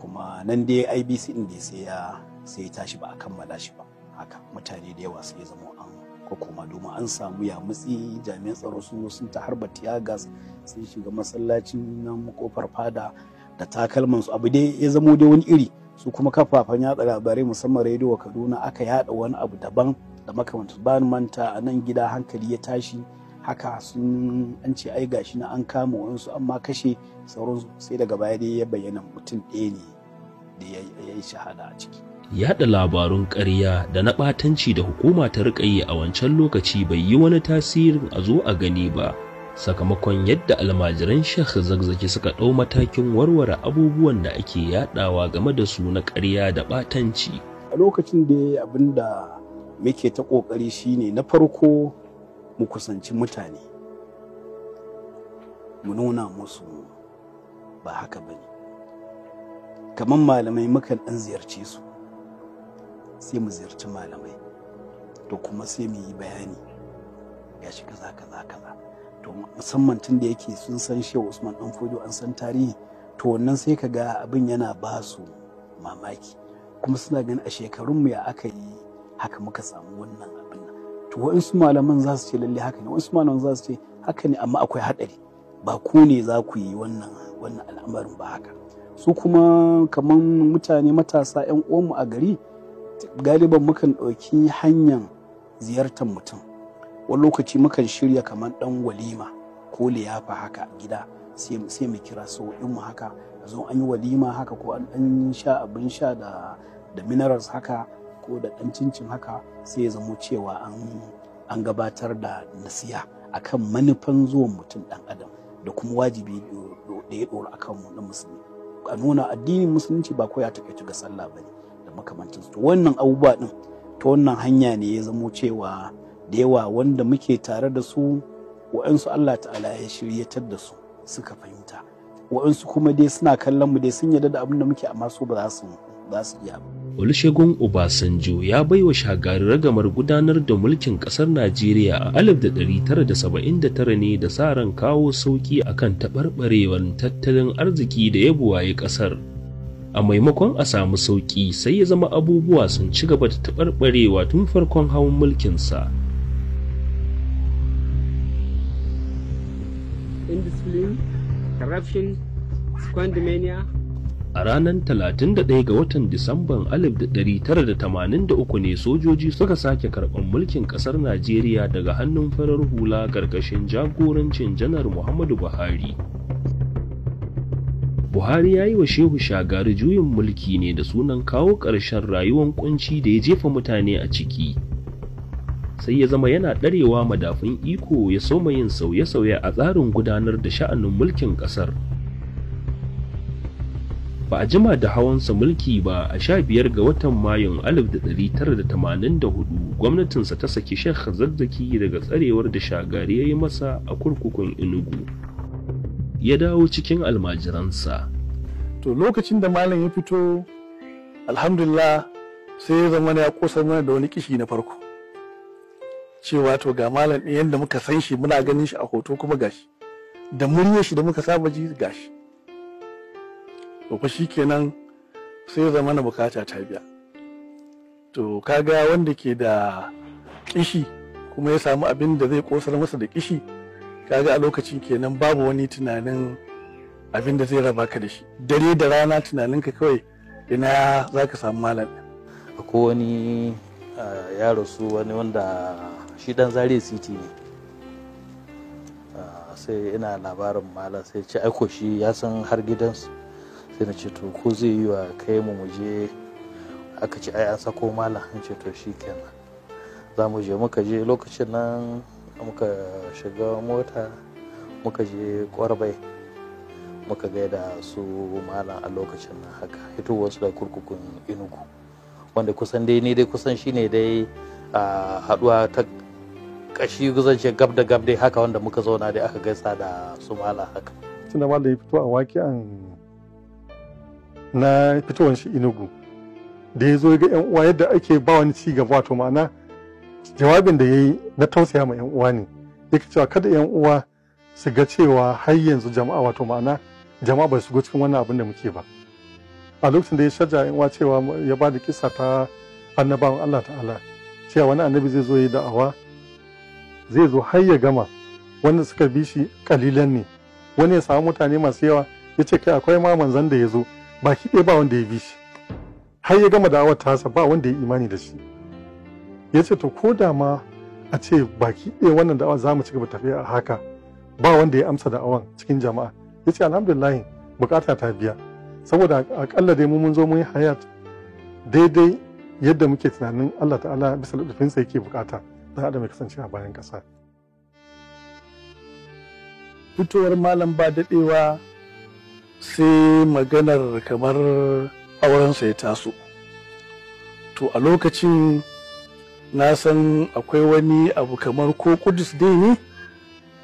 kuma nan dai ibc din da sai ya sai ya tashi ba a kammala shi ba haka mutane da yawa sai ya zama an kokoma domin an samu ya mutsi jami'an tsaro sun sun ta harba tiyagas sun shiga masallacin nan kofar fada da takalman su abu dai ya zamo dai wani iri su kuma kafafen yatsa labarai musamman rediyo kaduna aka yada wani abu daban da makamantar ba manta a nan gida hankali ya tashi haka sun an ce ai gashi na an kama wasu amma amma kashe sauran sai daga baya dai ya bayyana mutum ɗaya ne da ya yi shahada a ciki yaɗa labarun ƙarya da na ɓatanci da hukuma ta riƙa yi a wancan lokaci bai yi wani tasirin a zo a gani ba sakamakon yadda almajiran Sheikh zagzaki suka ɗau matakin warware abubuwan da ake yaɗawa game da su na ƙarya da ɓatanci a lokacin da abin da muke ta ƙoƙari shi ne na farko mu kusanci mutane mu nuna musu ba haka bane kaman malamai mukan ɗan ziyarce su sai mu ziyarci malamai to kuma sai mu yi bayani ya shi kaza kaza kaza to musamman tun da yake sun san shehu usman dan fojo an san tarihi to wannan sai ka ga abin yana ba su mamaki kuma suna ganin a shekarunmu ya aka yi haka muka samu wannan abin to waɗansu malaman za su ce lalle haka ne waɗansu malaman za su ce haka ne amma akwai haɗari ba ku ne za ku yi wannan wannan al'amarin ba haka su kuma kaman mutane matasa 'yan mu a gari galiban mukan ɗauki hanyar ziyartar mutum wani lokaci mukan shirya kaman ɗan walima ko liyafa haka gida sai mu kira mu haka zo an yi walima haka ko an sha abin sha da minerals haka ko da ɗan cincin haka sai ya zamo cewa an gabatar da nasiha akan manufan zuwan mutum ɗan adam da kuma wajibi da ya ɗora akan mu na musulmi a nuna addinin musulunci ba koya ya ga sallah ba ne da makamancin to wannan abubuwa ɗin ta wannan hanya ne ya zamo cewa da yawa wanda muke tare da su wa'ansu Allah ta'ala ya shiryatar da su suka fahimta wa'ansu kuma dai suna kallon mu dai sun yarda da abin da muke amma su ba za su iya ba Olusegun Obasanjo ya baiwa shagari ragamar gudanar da mulkin kasar Najeriya a 1979 ne da sa ran kawo sauki akan taɓarɓarewar tattalin arziki da ya buwaye ƙasar. A maimakon a samu sauki sai ya zama abubuwa sun ci gaba da taɓarɓarewa tun farkon hawan mulkinsa. Indiscipline, corruption, a ranar 31 ga watan disamban 1983 ne sojoji suka sake karɓar mulkin ƙasar najeriya daga hannun farar hula ƙarƙashin jagorancin janar muhammadu buhari buhari ya yi wa shehu shagari juyin mulki ne da sunan kawo ƙarshen rayuwar ƙunci da ya jefa mutane a ciki sai ya zama yana ɗarewa madafin iko ya soma yin sauye-sauye a tsarin gudanar da sha'anin mulkin ƙasar. ba a jima da hawansa mulki ba a sha biyar ga watan mayun alif da da da 1984 gwamnatinsa ta saki sheikh zazzaki daga tsarewar da shagari ya yi masa a kurkukun inugu ya dawo cikin almajiransa to lokacin da malam ya fito alhamdulillah sai ya zama ya kosa mana da wani kishi na farko cewa to ga malam yadda muka san shi muna ganin shi a hoto kuma gashi da muryar shi da muka saba ji gashi to fa shikenan sai ya zama na bukata ta biya to kaga wanda ke da kishi kuma ya samu abin da zai kosar masa da kishi kaga a lokacin kenan babu wani tunanin abin da zai raba ka da shi dare da rana tunaninka kawai ina za ka samu malam akwai wani ya rasu wani wanda shi dan zariya city ne sai ina labarin malam sai ce aiko shi ya san har gidansu sai na ce to ko zai yi wa kai mu mu je aka ce ai an sako malam an ce to shi kenan za mu je muka je lokacin nan muka shiga mota muka je kwarbai muka gaida su malam a lokacin nan haka hito wasu da kurkukun inugu wanda kusan dai ni dai kusan shine dai a haduwa ta kashi guzance gab da gab dai haka wanda muka zauna dai aka gaisa da su malam haka tunda malam ya fito a waki an na fitowar shi inugu da ya zo ga yan uwa yadda ake ba wani ci gaba wato ma'ana jawabin da ya yi na tausaya ma yan uwa ne yake cewa kada yan uwa su ga cewa har yanzu jama'a wato ma'ana jama'a ba su shigo cikin wannan abin da muke ba a lokacin da ya shaja yan uwa cewa ya ba da kisa ta annabawan Allah ta'ala cewa wani annabi zai zo ya yi da'awa zai zo har ya gama wanda suka bi shi kalilan ne wani ya samu mutane masu yawa ya ce kai akwai ma manzan da ya zo baki ɗaya ba wanda ya bi shi har ya gama da'awar tasa ba wanda ya imani da shi ya ce to ko da ma a ce baki ɗaya wannan da'awar za mu ci gaba tafiya a haka ba wanda ya amsa da'awan cikin jama'a ya ce alhamdulillah bukata ta biya saboda akalla dai mu mun zo mun yi hayat daidai yadda muke tunanin Allah ta'ala bisa sa yake bukata dan adam ya kasance a bayan kasa. fitowar malam ba daɗewa sai maganar kamar aurensa ya taso to a lokacin na san akwai wani abu kamar ko kudus dai ne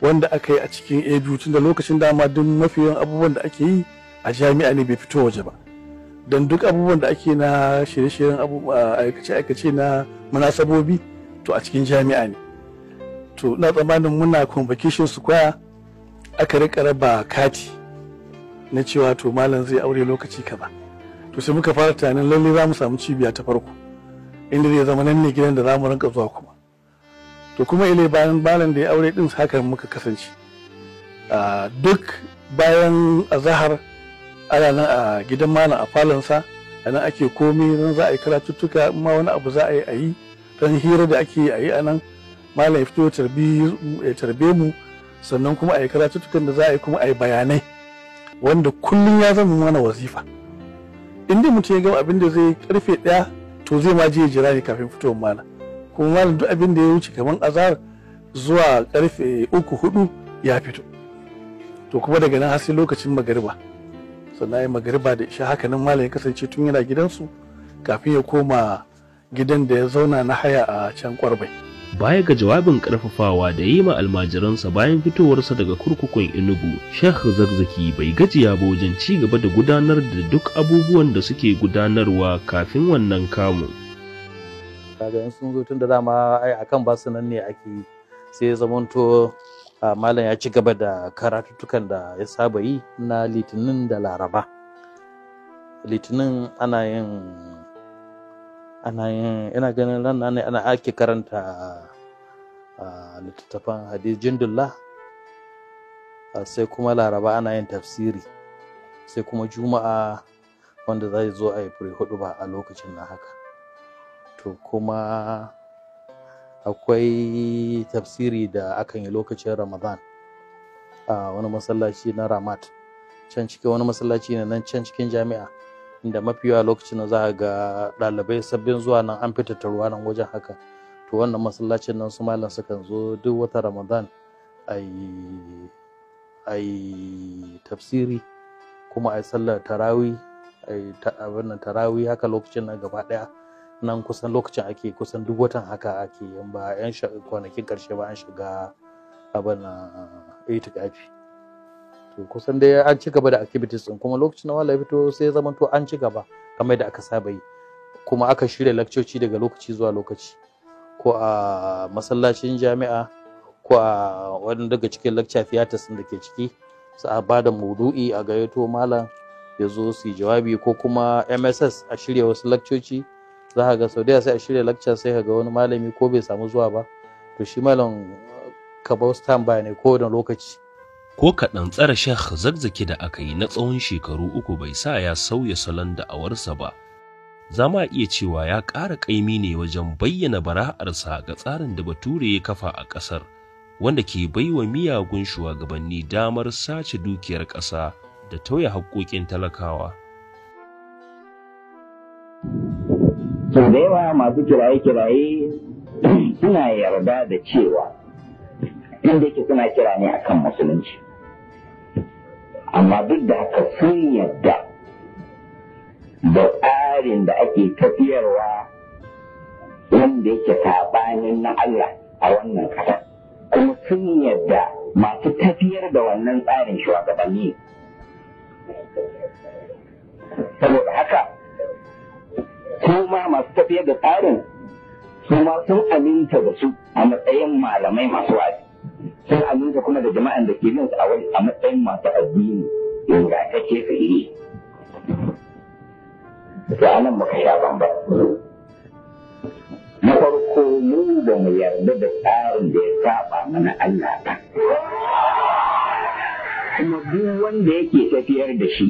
wanda aka yi a cikin abu tun da lokacin dama duk mafiyan abubuwan da ake yi a jami'a ne bai fito waje ba don duk abubuwan da ake na shirye-shiryen aikace-aikace na munasabobi to a cikin jami'a ne to na tsammanin muna convocation square aka rika raba kati na cewa to malam zai aure lokaci kaza to sai muka fara tunanin lalle za mu samu cibiya ta farko inda zai zama nan ne gidan da za mu rinka zuwa kuma to kuma ile bayan malam da ya aure din haka muka kasance duk bayan azahar ana nan a gidan malam a falonsa a nan ake komi nan za a yi karatuttuka in ma wani abu za a yi a yi dan hira da ake yi a yi a nan malam ya fito ya tarbe mu sannan kuma a yi karatuttukan da za a yi kuma a yi bayanai wanda kullum ya zama mana wazifa inda mutum ya gama abin da zai karfe ɗaya to zai ma je jira ne kafin fitowar mana kuma malam duk abin da ya wuce kamar azar zuwa karfe uku hudu ya fito to kuma daga nan har sai lokacin magariba sannan ya magariba da isha haka nan malam ya kasance tun yana gidansu kafin ya koma gidan da ya zauna na haya a can kwarbai. baya ga jawabin karfafawa da yi ma almajiransa bayan fitowarsa daga kurkukun inugu sheikh zakzaki bai gajiya ba wajen ci gaba da gudanar da duk abubuwan da suke gudanarwa kafin wannan kamu kaga in sun zo tun da dama ai akan ba su nan ne ake sai zamanto malam ya ci gaba da karatutukan da ya saba yi na litinin da laraba litinin ana yin ana yin ina ganin nan ne ana ake karanta littattafan hadis jindullah sai kuma laraba ana yin tafsiri sai kuma juma'a wanda za zo a yi fure hudu ba a lokacin na haka to kuma akwai tafsiri da aka yi lokacin ramadan a wani masallaci na ramat can cikin wani masallaci na nan can cikin jami'a inda mafi yawa lokacin nan za ga ɗalibai sabbin zuwa nan an fita ruwa nan wajen haka to wannan masallacin nan su malam sukan zo duk wata ramadan a yi tafsiri kuma a yi sallar tarawi a yi abin tarawi haka lokacin nan gaba ɗaya nan kusan lokacin ake kusan duk watan haka ake yan ba yan kwanakin karshe ba an shiga abin itikafi kusan dai an ci gaba da activities din kuma lokacin na malam fito sai ya zama to an ci gaba kamar da aka saba yi kuma aka shirya lakcoci daga lokaci zuwa lokaci ko a masallacin jami'a ko a wani daga cikin lakca theaters da ke ciki su a bada da maudu'i a gayyato malam ya zo su yi jawabi ko kuma mss a shirya wasu lakcoci za ka ga sau da sai a shirya lakca sai ka ga wani malami ko bai samu zuwa ba to shi malam ka bau stand ne ko da lokaci ko kaɗan tsare shek zagzaki da aka yi na tsawon shekaru uku bai sa ya sauya salon da'awarsa ba za ma iya cewa ya ƙara ƙaimi ne wajen bayyana bara'arsa ga tsarin da bature ya kafa a ƙasar wanda ke baiwa miyagun shugabanni damar sace dukiyar ƙasa da tauye haƙƙoƙin talakawa sau da yawa masu kiraye-kiraye suna yarda da cewa inda yake suna kira ne akan musulunci amma duk da haka sun yadda da tsarin da ake tafiyarwa wanda yake saɓanin na Allah a wannan ƙasa kuma sun yadda masu tafiyar da wannan tsarin shugabanni saboda haka su masu tafiyar da tsarin su ma sun aminta da su a matsayin malamai masu wa'azi sai Ali da kuma da jama'an da ke bin su a matsayin masu addini ga ta ke ka yi da anan muka sha bamba na farko mu ba mu yarda da tsarin da ya saba mana Allah ba kuma duk wanda yake tafiyar da shi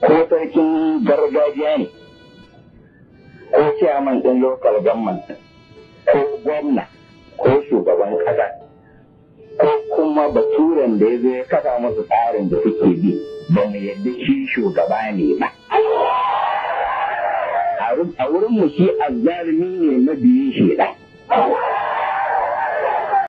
ko sarkin gargajiya ne ko ciyaman ɗin lokal gamman ko gwamna ko shugaban ƙasa ko kuma baturen da ya zo ya kafa masu tsarin da suke bi ba mu yadda shi shugaba ne ba a wurin mu shi azzalimi ne mabiyin shi ɗan